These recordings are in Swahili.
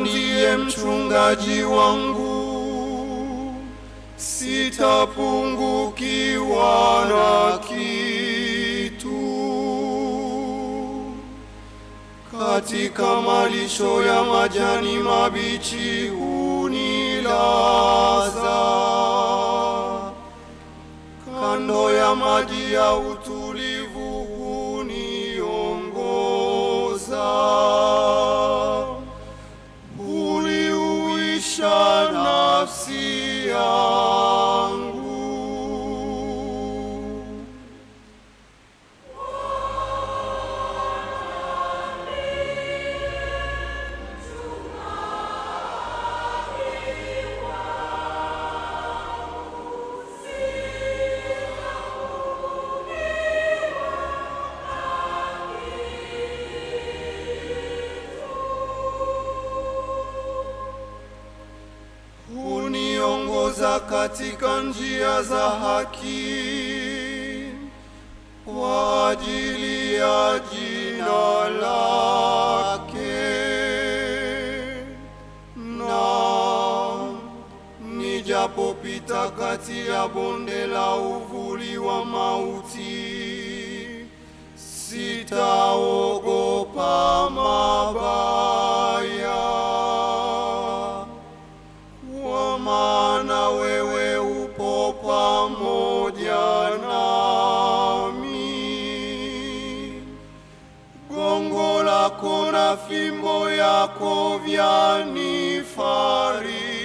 ndiye mchungaji wangu, sitapungukiwa na kitu. Katika malisho ya majani mabichi hunilaza, kando ya maji ya uniongoza katika njia za haki kwa ajili ya jina lake, na nijapopita kati ya bonde la uvuli wa mauti sita vyako na fimbo yako vyanifariji.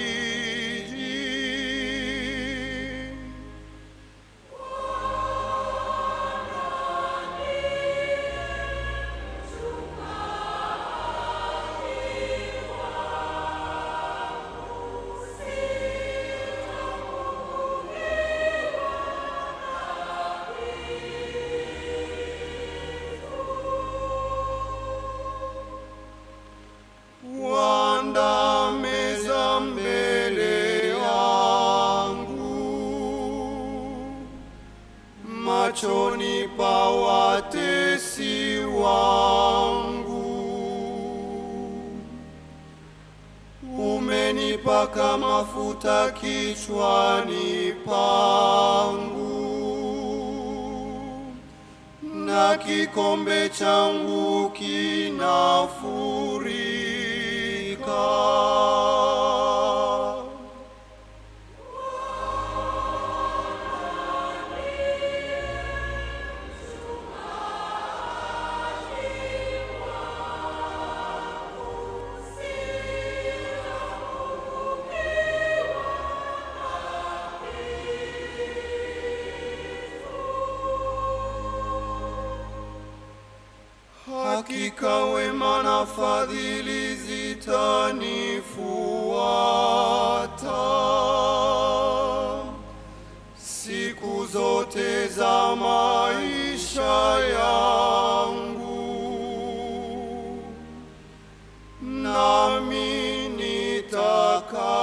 machoni pa watesi wangu. Umenipaka mafuta kichwani pangu, na kikombe changu kinafurika. katika wema na fadhili zitanifuata siku zote za maisha yangu nami nitaka